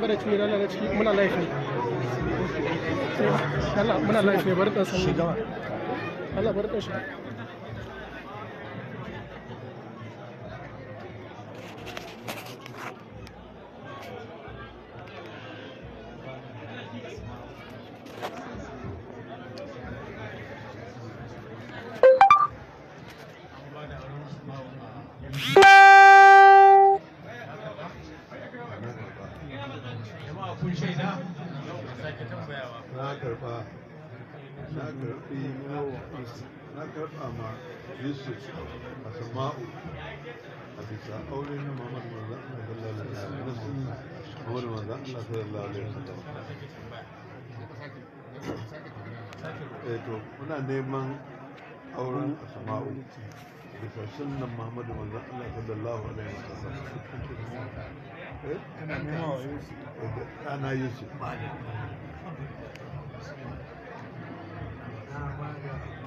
magana cikin yana ciki muna live Allah muna bari dan san gawa Allah bari karba na karbi na karba ma yusuf a sama'u a bisa aure na mamar manzan Allah sallallahu alaihi eh muna neman auren sama'u bisa sunnan Muhammadu Allah sallallahu alaihi eh Yusuf eh,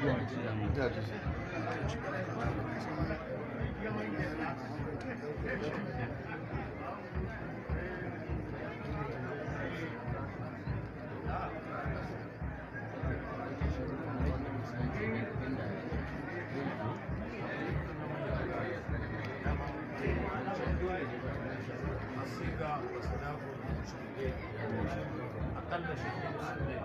Masih gak, masih gak, masih gak, masih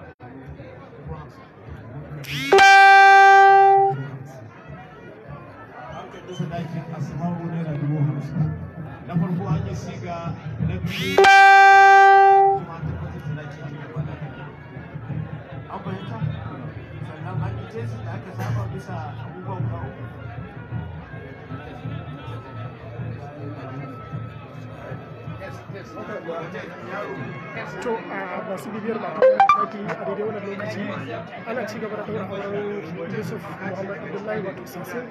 sosai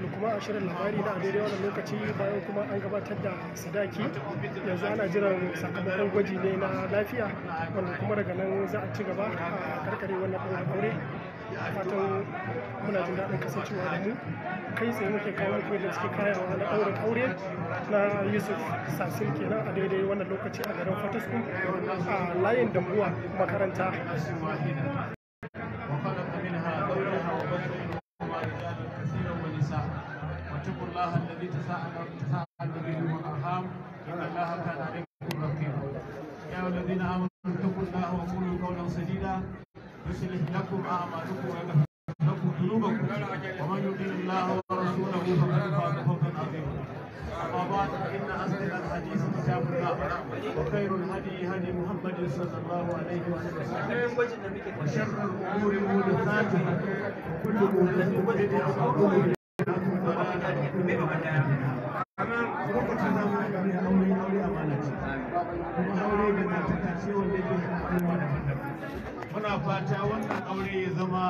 da kuma a shirin labari na a daidai wannan lokaci bayan kuma an gabatar da sadaki yanzu ana jiran sakamakon gwaji ne na lafiya wanda kuma daga nan za a ci gaba a karkare wannan ɗan aure fatan muna jin daɗin kasancewa da mu kai tsaye muke kawo muku da suke kayawa na ɗaurin aure na yusuf sasin kenan a daidai wannan lokaci a garin fatasku a layin dambuwa makaranta الذي تساءلون به الارحام ان الله كان عليكم رقيبا يا الذين امنوا اتقوا الله وقولوا قولا سديدا يصلح لكم اعمالكم ويغفر لكم ذنوبكم ومن يطع الله ورسوله فقد فاز فوزا عظيما اما بعد فان اصدق الحديث كتاب الله وخير الهدي هدي محمد صلى الله عليه وسلم وشر الامور محدثاتها وكل محدث بدعه kuma aure da matata wanda ke kowa muna fata wannan aure ya zama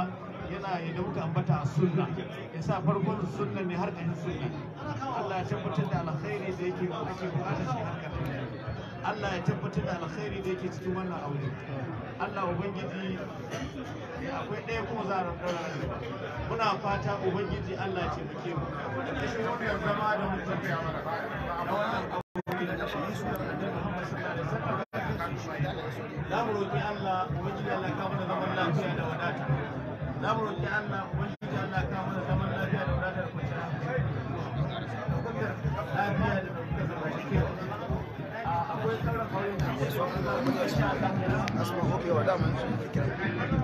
yana ya dauka ambata a sunna ya sa farkon sunna ne har ɗin sunna Allah ya tabbatar da alkhairi da yake ake buƙatar shi har Allah ya tabbatar da alkhairi da yake cikin wannan aure Allah ubangiji eh, akwai ɗaya kuma za a rarraba muna fata ubangiji Allah ce muke mu kashe wannan zama da mutum ya mara ba za mu Allah Allah Allah Allah akwai sarrafa yin da su a kan da su a kan da su a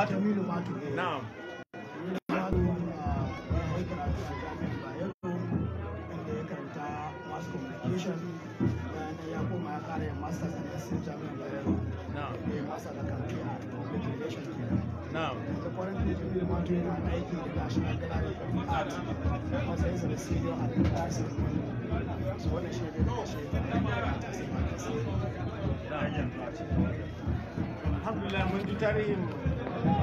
ما تميل ما تميل نعم communication ya koma ya kare masters and science jami'an bayero na'am ya masa da kan kiya public relation kenan na'am da currently jibril mato yana aiki da national gallery of art matsayin sa da senior at the tax so wannan shi ne da shi da alhamdulillah mun ji tarihin da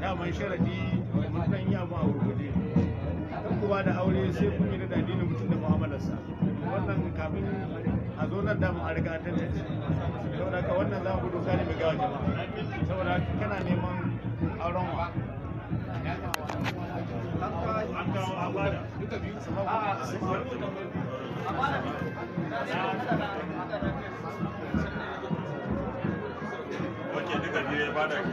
daman sharadi mutan yi abu a gurgurde kan kuwa da aure sai kun yi da dadinin mutum da mu'amalarsa wannan a zo nan a saboda ka wannan za ku doka ne mai gawa jama'a saboda kana neman auren wa Oke duka biyu ya bada ke.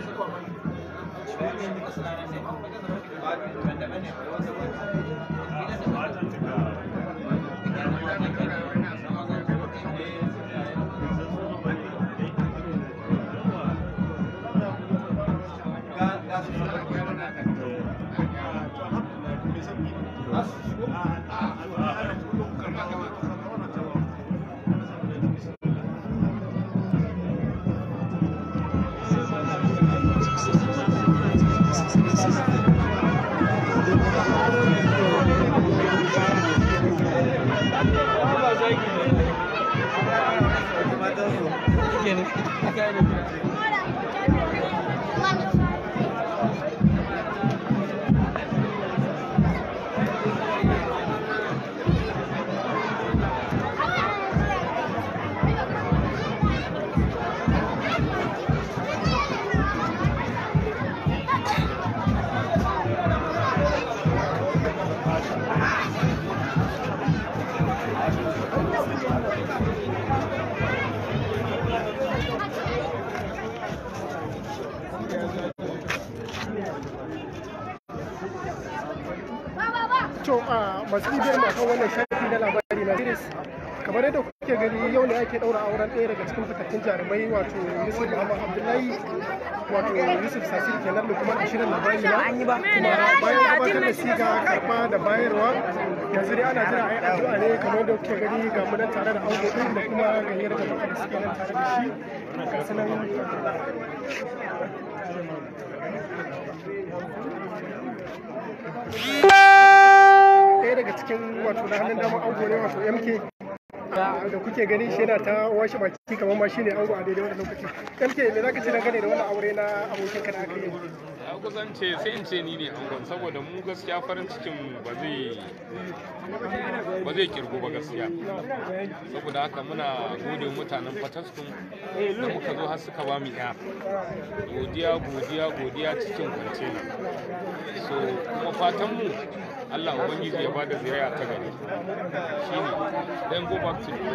okay. to a masu bibiyar masu wannan shafi na labari na Idris kamar yadda kuke gani yau ne ake daura auren ɗaya daga cikin fitattun jarumai wato Yusuf Muhammad Abdullahi wato Yusuf Sasir kenan da kuma a shirin labari na kuma bayan gabatar da siga karba da bayarwa yanzu dai ana jira ayi addu'a ne kamar yadda kuke gani ga munan tare da ango da kuma gayyar da muka da suke nan tare da shi ga sanan Yeah. ɗaya daga cikin wato na hannun dama ango ne wato mk da kuke gani shi yana ta washe baki kamar ma ne ango a daidai wani lokaci mk me za ka na gane da wani aure na abokin ka da aka yi a kusan ce sai in ce ni ne angon saboda mu gaskiya farin cikin ba zai ba kirgo ba gaskiya saboda haka muna gode mutanen fataskun da muka zo har suka ba mu ya godiya godiya godiya cikin kwance so kuma fatan mu Allah ubangiji ya bada ziyara ta gari shine then go back to the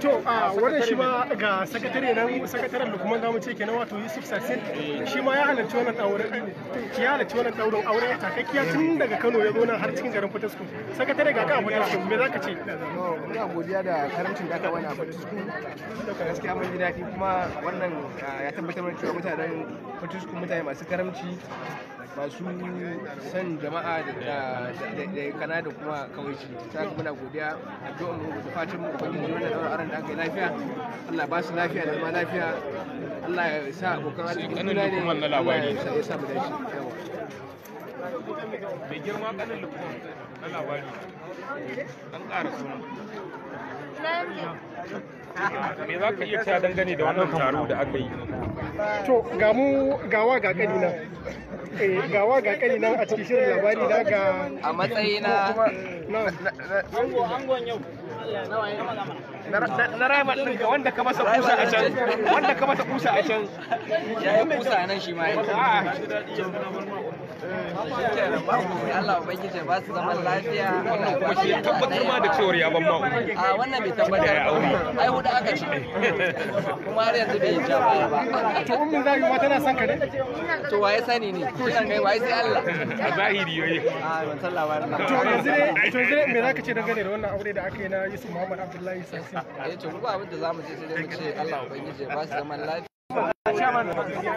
to ah, wannan shi ma ga sakatare nan sakataren da kuma zamu ce kenan wato Yusuf Sassin shi ma ya halarci wannan daurin ya halarci wannan daurin aure takakkiya tun daga Kano ya zo nan har cikin garin Fatasko sakatare ga ka Fatasko me zaka ce ina godiya da karamcin da aka bani a Fatasko gaskiya mun ji daɗi kuma wannan ah, ya tabbatar da cewa mutanen Fatasko mutane masu karamci masu san jama'a da kana da kuma kawai ta ga muna godiya addu'a mu da fatan mu ubangiji da daura aran da aka yi lafiya Allah ba su lafiya da ma lafiya Allah ya sa abokan arziki da juna ne Allah ya sa mu dace mai girma kanin lukman na labari an kara suna me za ka iya cewa dangane da wannan taro da aka yi to ga mu gawa ga kanina gawa eh, ga kani nan a cikin shirin labari na ga a matsayina na rama ɗin ga wanda ka masa kusa a can wanda ka masa kusa a can ya yi kusa nan shi ma ya yi. Ah. Allah ubangiji tabbatar ma da cewar ya ban ma a wannan bai tabbatar ya aure ai huda aka ci kuma har yanzu bai ja ba to ma tana son ka ne to waye sani ne kiran kai waye sai Allah a zahiri a ban san labarin to yanzu ne to yanzu me zaka ce dangane da wannan aure da aka yi na Yusuf Muhammad Abdullahi eh to mu ba abin da zamu ce sai mu ce Allah ubangiji ba su zaman lafiya chairman alhaji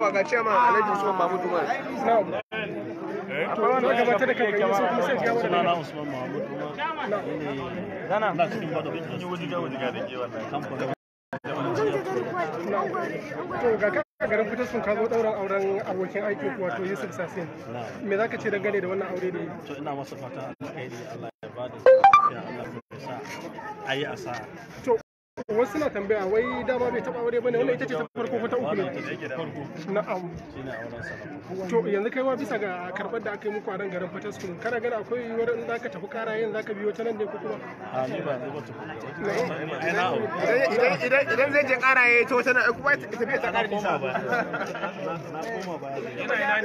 akwai da garin fitar sun zo ɗaurin auren abokin aikin wato yusuf sasin me zaka ce dangane da wannan aure da yi to ina masa fata alkhairi allah ya ba da lafiya allah ya sa ayi yi asara to wasu na tambaya wai dama bai taba aure bane wannan ita ce ta farko ko ta uku ne na'am to yanzu kai ma bisa ga karbar da aka yi muku a nan garin kana gani akwai in zaka tafi kara yin zaka biyo ta nan ne ko kuma a ni ba idan idan idan zai je kara yayi to kuma ta kara na koma ina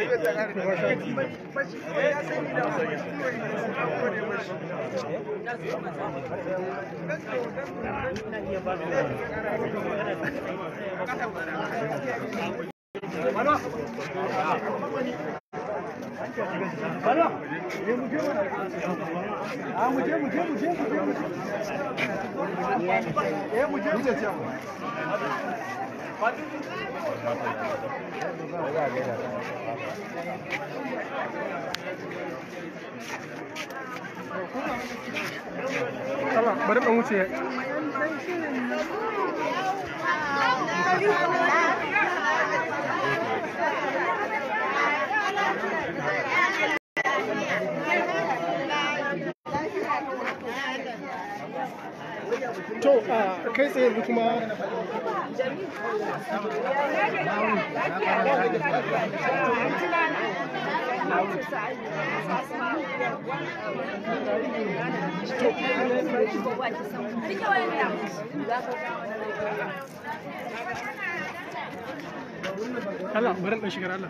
ina ne ya da 完了。完了。哎，木 Salah, baru menguci to a kai tsaye da kuma Allah, barin ɗan shigar Allah.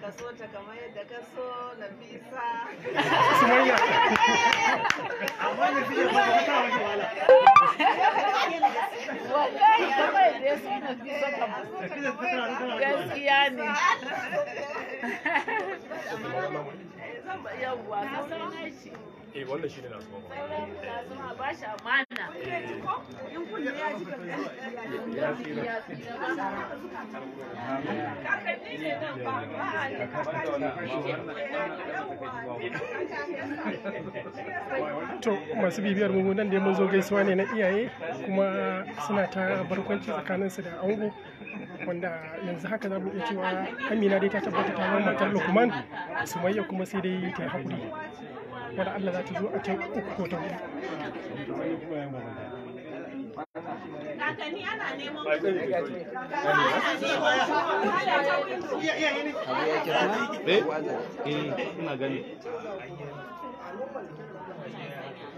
kasota ta kamar yadda kaso na bisa soyayya yawwa eh to masu bibiyar mu nan da mun zo gaisuwa ne na iyaye kuma suna ta barkwanci tsakaninsu da ango wanda yanzu haka za mu iya cewa amina dai ta tabbata ta zama matar lukman sumayya kuma sai dai ta yi haƙuri wanda allah za ta zo a can uku ko ta hudu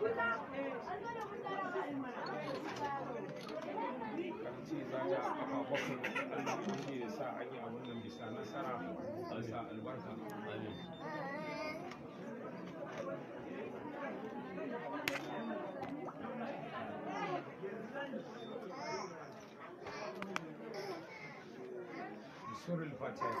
ce za ja a kafa bakwai Allah shi ya sa an yi a wannan bisa nasara da sa albarka سورة الفاتحة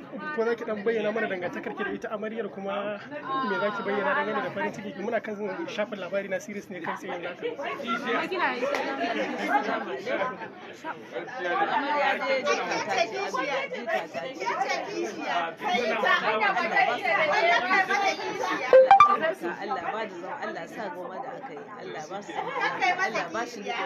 ko za ki dan bayyana mana dangantakar ki da ita amaryar kuma me za ki bayyana dangane da farin ciki muna kan shafin labari na series ne kai tsaye naka Allah ba da zama Allah sa goma da aka yi Allah ba su Allah ba shi da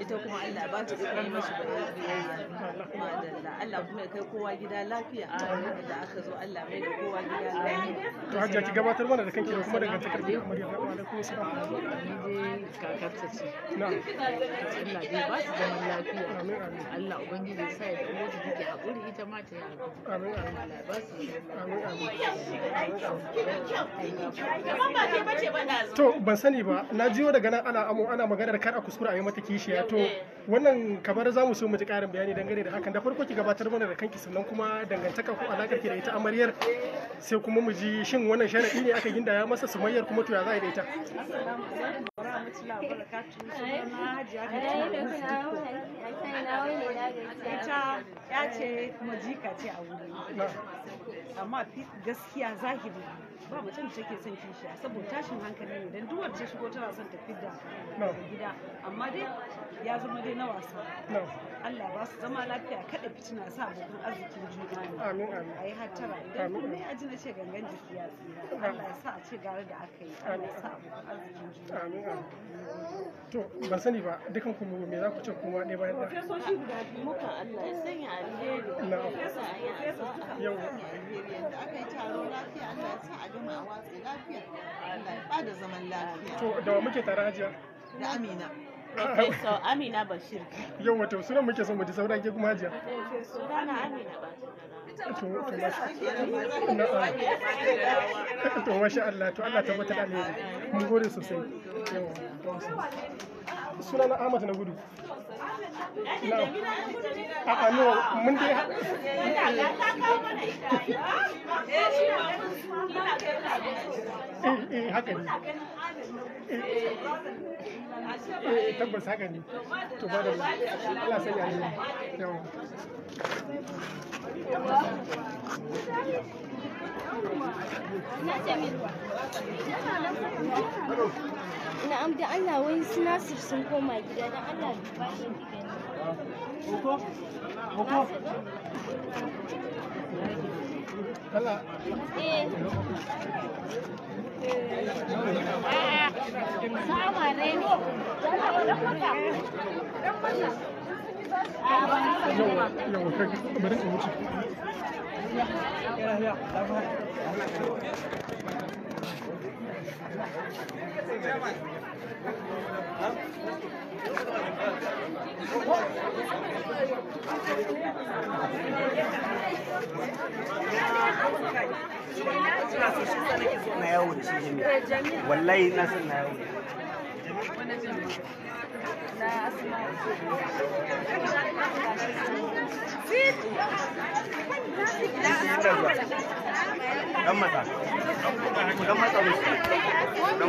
ita kuma Allah ba ta mashi ba da Allah kuma ya kai kowa gida aka zo Allah mai da kowa gida lafiya to ban sani ba na jiyo daga nan ana amo ana maganar kar a kuskura a yi mata kishiya to wannan kamar za mu so mu ji ƙarin bayani dangane da hakan da farko ki gabatar mana da kanki sannan kuma dangantaka ko alakar ki da ita amaryar sai kuma mu ji shin wannan sharaɗi ne aka gindaya masa sumayyar kuma to ya za a yi da ita ita ya ce kuma jika ce a wuri amma gaskiya zahiri ba mutum da take son kishiya saboda tashin hankali ne dan duwar ce shigo tana son ta fidda gida amma dai ya zama dai abokai na wasa Allah ba su zama lafiya kada fitina sa abokan arzikin juna ne a yi hattara idan kuma na ce gangan jiki ya tsira Allah ya sa a ce gare da aka yi Allah ya sa abokan arzikin juna to ban sani ba dukan ku me za ku ce kuma ne bayan da profesoshi guda biyu muka Allah ya sanya alheri profesa profesa duka yau da aka yi taro lafiya Allah ya sa a gama a watsi lafiya Allah ya bada zaman lafiya to da muke tare hajiya da Amina Professor Amina Bashir. Yau wato suna muke son mu ji saura ke kuma hajiya. Eh, suna a Amina Bashir. To masha Allah to Allah tabbatar alheri. Mun gode sosai. Ahmad na gudu. A'a no, eh eh, eh, eh, tabbas ne. To ba da Allah sai ya yi. Yawa. Allah wai su Nasir sun koma gida dan Allah ba shi Hukum. Hukum. Kala. Sama ne lo. Yau, yau, bari ku wuce. Thank you. suna so shi na wallahi na san na yawo Dan mata, dan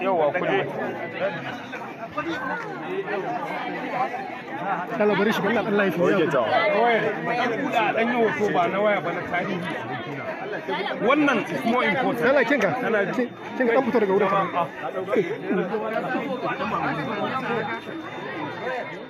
yawa kuje Allah bari shi Allah ya fi kuda dan yi wato ba na waya ba na tarihi wannan is more important Allah kinka kinka dan fito daga wurin ah.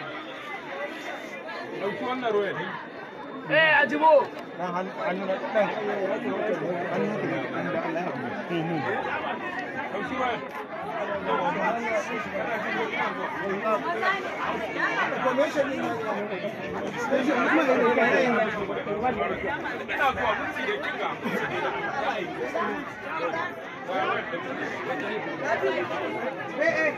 ɗauki wannan royal eh ajibo dan Hey, hey.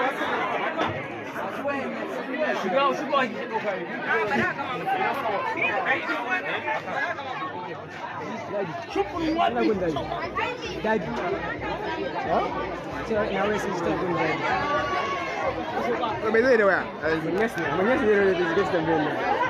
Chegou, chegou aí. Chupa no ar, Dad. Huh? Now we're still going there. Mas ele não é. Mas ele não é. Mas ele não é.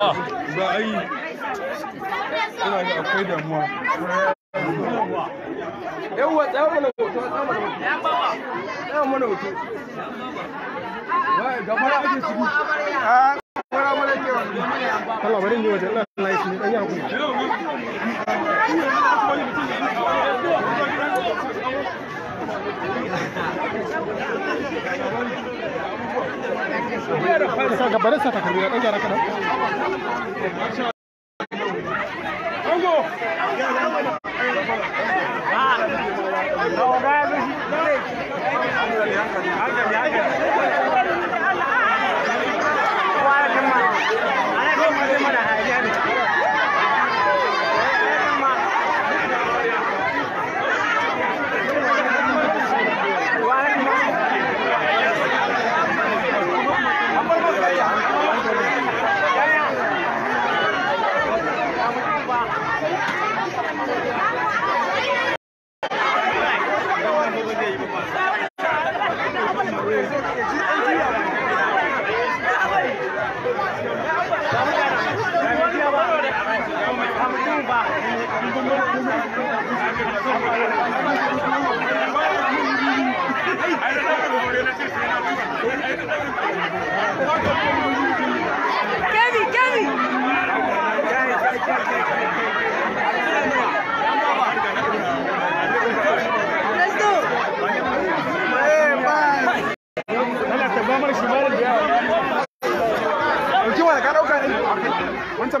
ba a yi ina da akwai damuwa yawwa tsawon mana hoto mana hoto gabara ake ciki a ah, gabara mana ke wani Allah bari ne na shi dan yaku Thank you. sa gabanin sa takarmi ya ɗan gyara kaɗan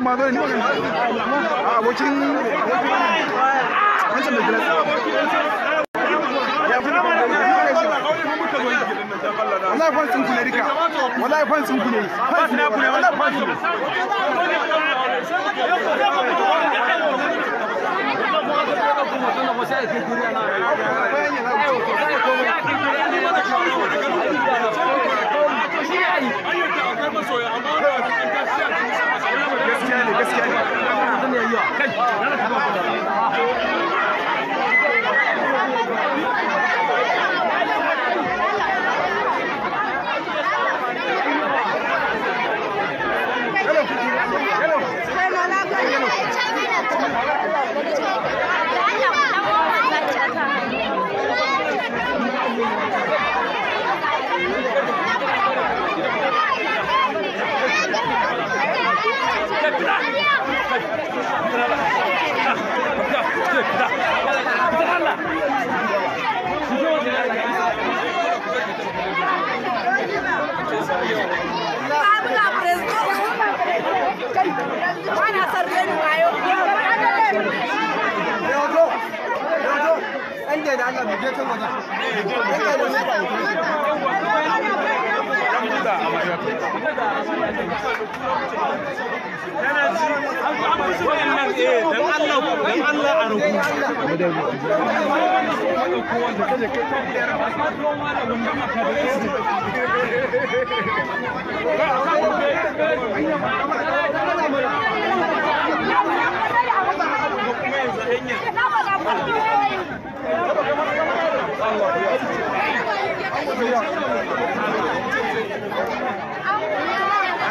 wancan ma dole ne wannan a abokin wancan da gilas wallahi fansin ku ne rika wallahi fansin ku ne fansin ku ne wallahi gaskiya ne gaskiya ne Hello. Hello. Hello. Hello. Hello. Hello. da ana buge ta waje. Yake da kana ji an fi su wayannan eh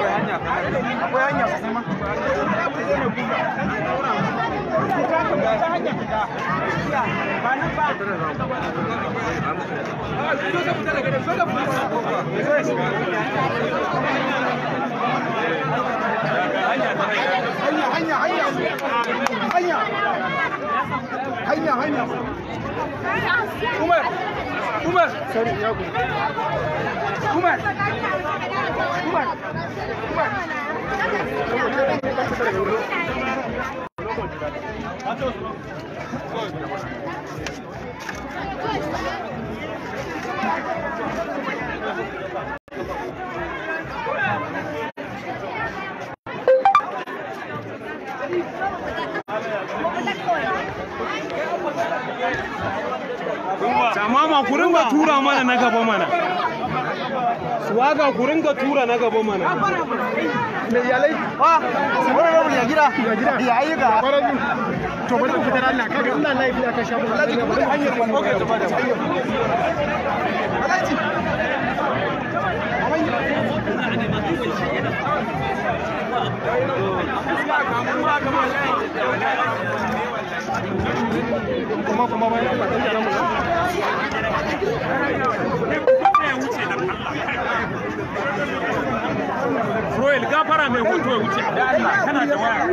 akwai hanya akwai hanya sosai ma ta hanya fita ba nan ba so ka fita hanya hanya hanya hanya hanya 还有呢，还有呢，出门，出门，出来，出来，出门，出门，出门，出门。Samama ku ringa tura mana na gaba mana. Suwaga ku ringa tura na gaba mana. Me yalai? Ah, su ya gida. Ya gida. Ya ayyuka. To bari fitar Allah kaga laifi aka hanyar wannan. Okay, to bada. Kuma kuma bayan Royal gafara mai hoto ya wuce da Allah kana da waya.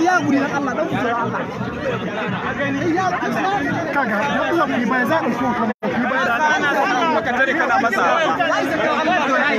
Ya guri dan Allah dan kujerar Allah. Ya kaga ya kula mu bai za ku so kuma ku bai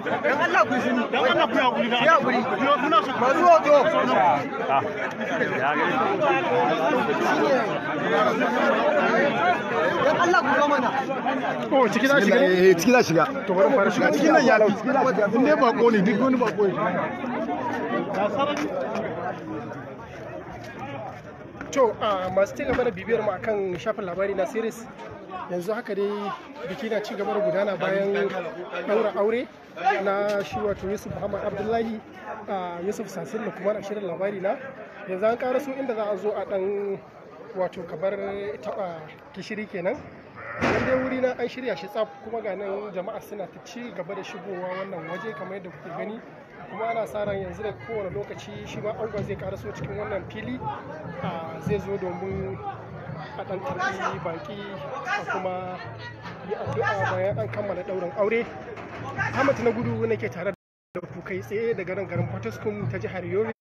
dan Allah ku shiru dan ba zuwa to a oh shiga shiga shiga ne duk wani bako ne to masu ci gaba da bibiyar mu akan shafin labari na series yanzu haka dai biki na ci gaba da gudana bayan daura aure na shi wato yusuf muhammad abdullahi yusuf sasin da kuma shirin labari na yanzu an ƙara su inda za a zo a ɗan wato kabar taɓa kishiri kenan idan dai wuri na an shirya shi tsaf kuma ga nan jama'a suna ta ci gaba da shigowa wannan waje kamar yadda kuke gani kuma ana sa ran yanzu da kowane lokaci shi ma angon zai karaso cikin wannan fili zai zo domin a ɗan karɓi baƙi a kuma yi addu'a bayan an kammala ɗaurin aure Ahmad na gudu nake tare da ku kai tsaye daga nan garin ta jihar Yobe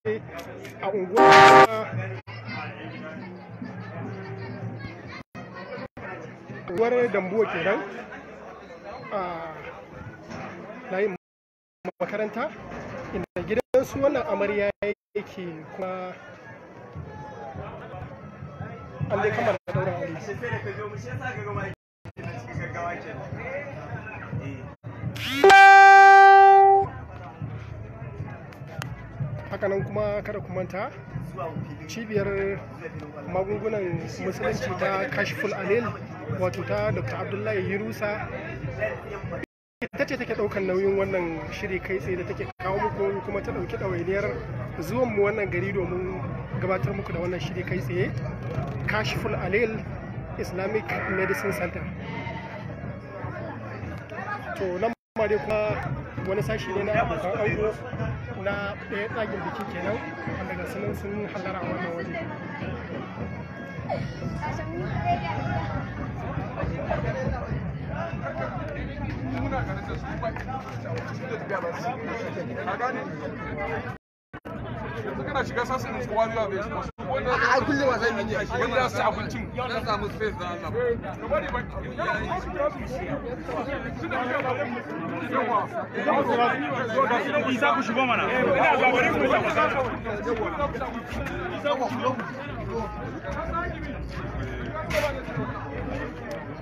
a unguwar unguwar Dambuwa kenan a layin makaranta inda gidansu wannan amarya yake kuma an daura sai ka zo mu shi yasa ka cikin gaggawa eh. hakanan kuma kada ku manta cibiyar magungunan musulunci ta kashful anil wato ta dr abdullahi Yirusa. ita ce take ɗaukan nauyin wannan shiri kai tsaye da take kawo muku kuma ta ɗauki ɗawainiyar zuwan mu wannan gari domin gabatar muku da wannan shiri kai tsaye kashiful alil islamic medicine center to nan ma dai kuma wani sashi ne na abokan ango na ɗaya tsagin biki kenan wanda ga sunan sun hallara a wannan waje Muna ganin da su ba, su da biya ba su, ka gane? yanzu kana shiga sassan da bai a kulle yi wanda su abincin samu space da Allah eh,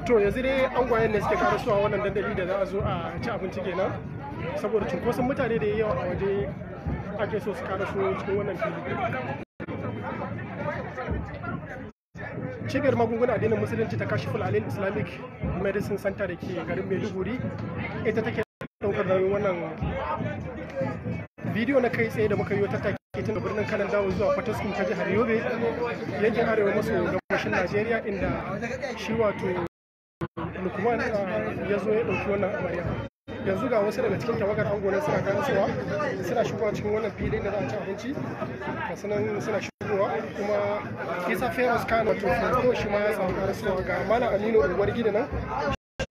to yanzu dai an gwayen ne suke karo suwa wannan dandali da za a zo a ci abinci kenan saboda cunkoson mutane da yawa a waje ake so su karaso cikin wannan fili cibiyar magunguna addinin musulunci ta kashi fulalin islamic medicine center da ke garin maiduguri ita take daukar nauyin wannan bidiyo na kai tsaye da muka yi wata take tun da birnin kanan dawo zuwa fataskum ta jihar yobe yankin arewa maso gabashin najeriya inda shi wato lukman uh, ya zo ya ɗauki wannan amarya yanzu ga wasu daga cikin tawagar ango na suna kan cewa suna shigowa cikin wannan filin da za a ci abinci ga sunan suna shigowa kuma isa famous kano to fito shi ma ya samu karasuwa ga malam aminu unguwar gida nan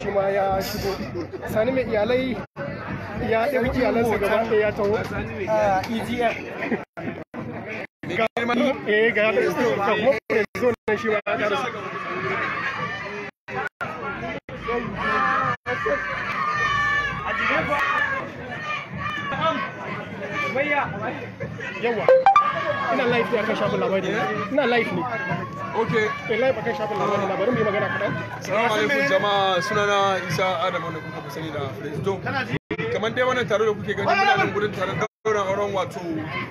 shi ma ya shigo sani mai iyalai ya ɗauki iyalansa gaba ɗaya ya taho ah, e eh, ga ya ɗauki iyalansa gaba ɗaya ya taho yawa ina live ne akan shafin labari ina ne ok in live akan shafin labari labarin mai magana kaɗan salamu alaikum jama'a sunana isa Adama wanda kuka fi sani da fresdo kamar dai wannan taro da kuke gani muna nan gurin taron Dauran auren wato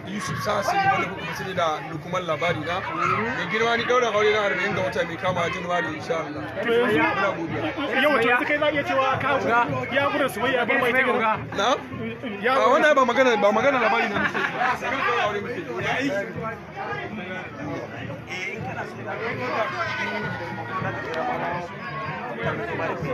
Yusuf Sassi wanda kuka sani da lukuman labari na. Da girma ni dauran aure na arba'in ga wata mai kama Januwari insha Allah. Yau yanzu kai za iya cewa ka guda ya su bar mai ta Na? wannan ba magana ba magana labari na aure Eh in kana so da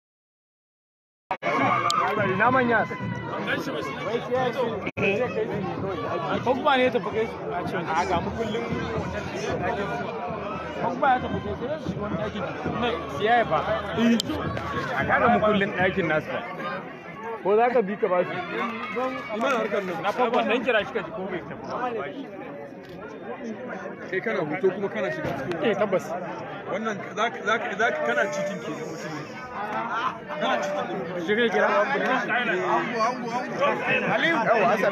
ina manya ko ne a ce eh, a ga ya na siya ba a kada nasu ba ko za ka bi ka ba su ina harkar nan na kira shi ka ji ko bai tafi kai kana hoto kuma kana shiga cikin eh, tabbas wannan za ka kana cikin ke mutum Shigar gida? Ango, ango, ango.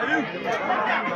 Aliyu?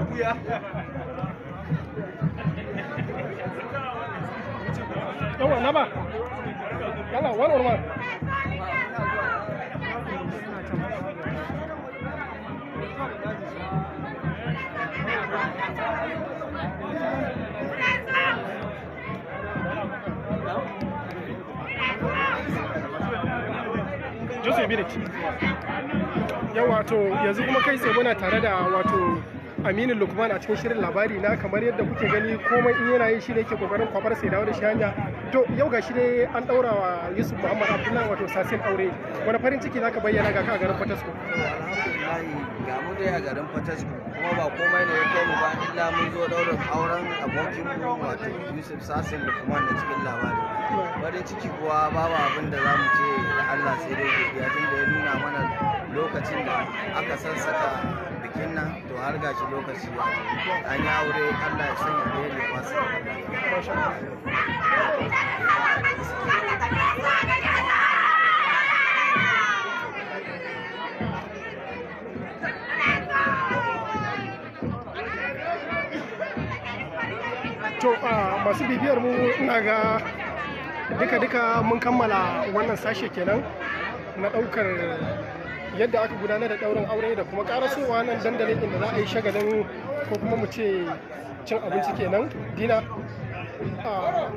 buya yawa na yanzu kuma kai sai muna tare da wato aminu lukman a cikin shirin labari na kamar yadda kuke gani komai in yana yi shi ne ke kokarin kwabar sai dawo da shi hanya to yau ga shi ne an daura wa yusuf muhammad abdullahi wato sasin aure wani farin ciki zaka bayyana ga ka a garin fatasko alhamdulillah ga mu dai a garin Fatasku kuma ba komai ne ya kai mu ba illa mun zo daurin auren abokin mu wato Yusuf Sasin da kuma na cikin labari farin ciki kuwa babu abin da zamu ce da Allah sai dai godiya tun da ya nuna mana lokacin da aka sassaka bikin nan to har gashi lokaci ya an yi aure Allah ya sanya da ya to masu bibiyar mu ina ga duka-duka mun kammala wannan sashe kenan na ɗaukar yadda aka gudanar da ɗaurin aure da kuma karasowa nan dandalin inda za a yi shagalin ko kuma mu ce cin abinci kenan dina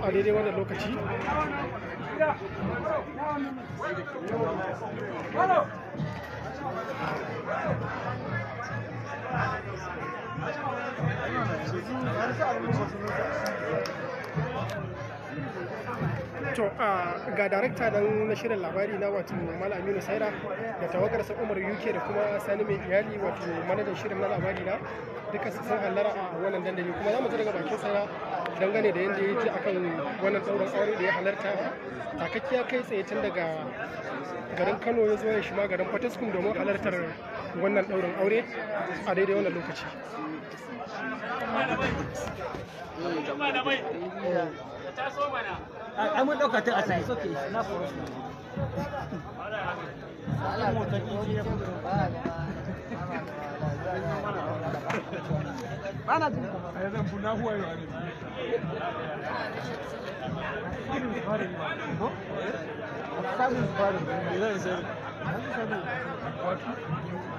a daidai wannan lokaci Thank you. to ga darakta dan na shirin labari na wato mala aminu saira da tawagar sa umar uk da kuma sani mai iyali wato manajan shirin na labari na duka su sun hallara a wannan dandali kuma za mu daga bakin saira dangane da yadda ya ji akan wannan tsauran aure da ya halarta takakkiya kai tsaye tun daga garin kano ya zo ya shima garin Potiskum domin halartar wannan ɗaurin aure a daidai wannan lokaci ai mun ɗauka ta asali soke shi na foro ai zan buna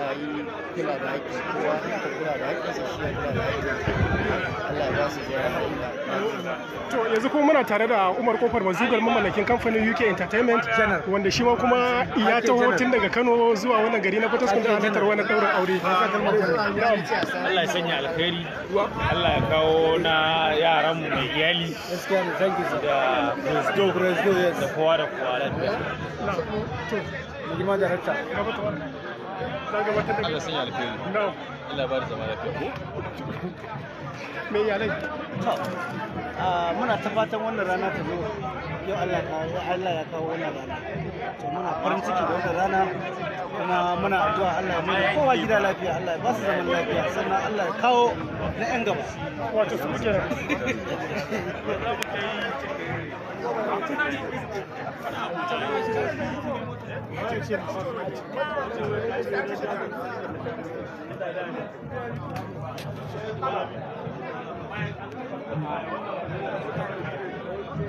Allah ya ba su to yanzu kuma muna tare da Umar Kofar Mazugal mamallakin kamfanin UK Entertainment wanda shi ma kuma ya taho tun daga Kano zuwa wannan gari na Fatas kun da tarwa na daurin aure Allah ya sanya alkhairi Allah ya kawo na yaran mu mai iyali da da kowa da kowa lafiya girma darakta Allah sanya alheri Allah ba da zama lafiya ko ah, ta fatan wannan rana ta yau Allah Allah ya kawo wannan rana to muna farin ciki da wannan rana kuma muna addu'a Allah ya mai kowa gida lafiya Allah ya ba su zaman lafiya sannan Allah ya kawo na yan gaba wato su kuke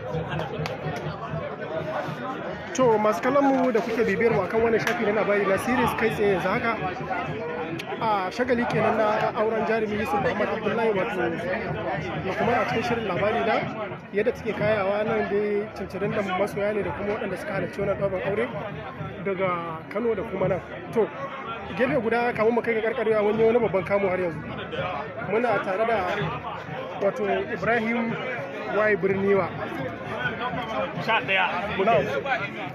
Thank you. to masu kallonmu da kuke bibiyar mu akan wannan shafi na labari na series kai tsaye yanzu haka a shagali kenan na auren jarumi yusuf muhammad abdullahi wato da kuma a cikin shirin labari na yadda take kayawa nan da cincirin da masoya ne da kuma waɗanda suka halarci wannan ɗaurin aure daga kano da kuma nan to gefe guda kamun mu kai ga karkarewa wani wani babban kamu har yanzu muna tare da wato ibrahim waye birniwa sha daya no.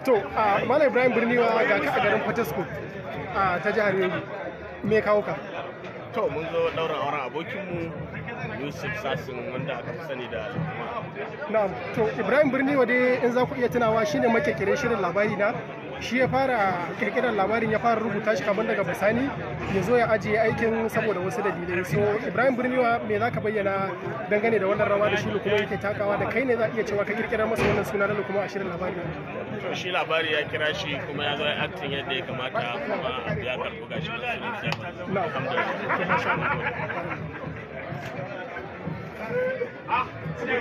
to malam ibrahim birniwa ga ka a garin fatasko ta jihar yobe me kawo ka to mun zo daura auren abokinmu yusuf sasin wanda aka fi sani da na'am to ibrahim birniwa dai in za ku iya tunawa shine makekirin shirin labari na shi ya fara kirkirar labarin ya fara rubuta shi kamar daga bisani ya zo ya ajiye aikin saboda wasu dalilai so ibrahim birniwa me za ka bayyana dangane da wannan rawa da shi lukuma yake takawa da kai ne za a iya cewa ka kirkirar masa wannan suna na lukuma a shirin labari to shi labari ya kira shi kuma ya zo ya yadda ya kamata kuma ya karɓi gashi ah, shi.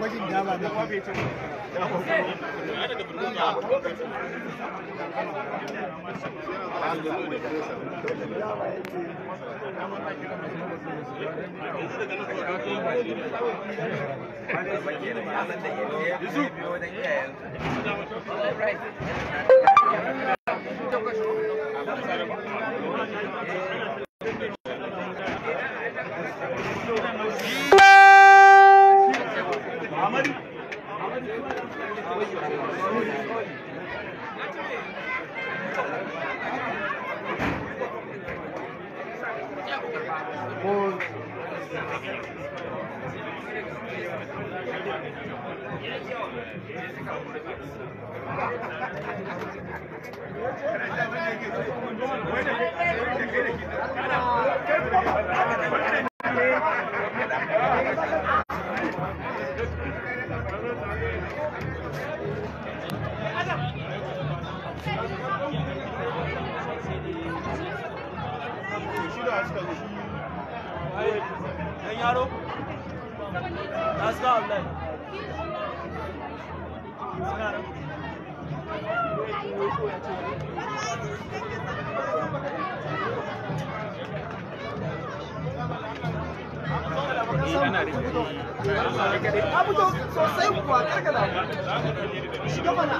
gwajin dama da kuma bai Yusuf! gargade ka fito sosai kuwa karkada shiga mana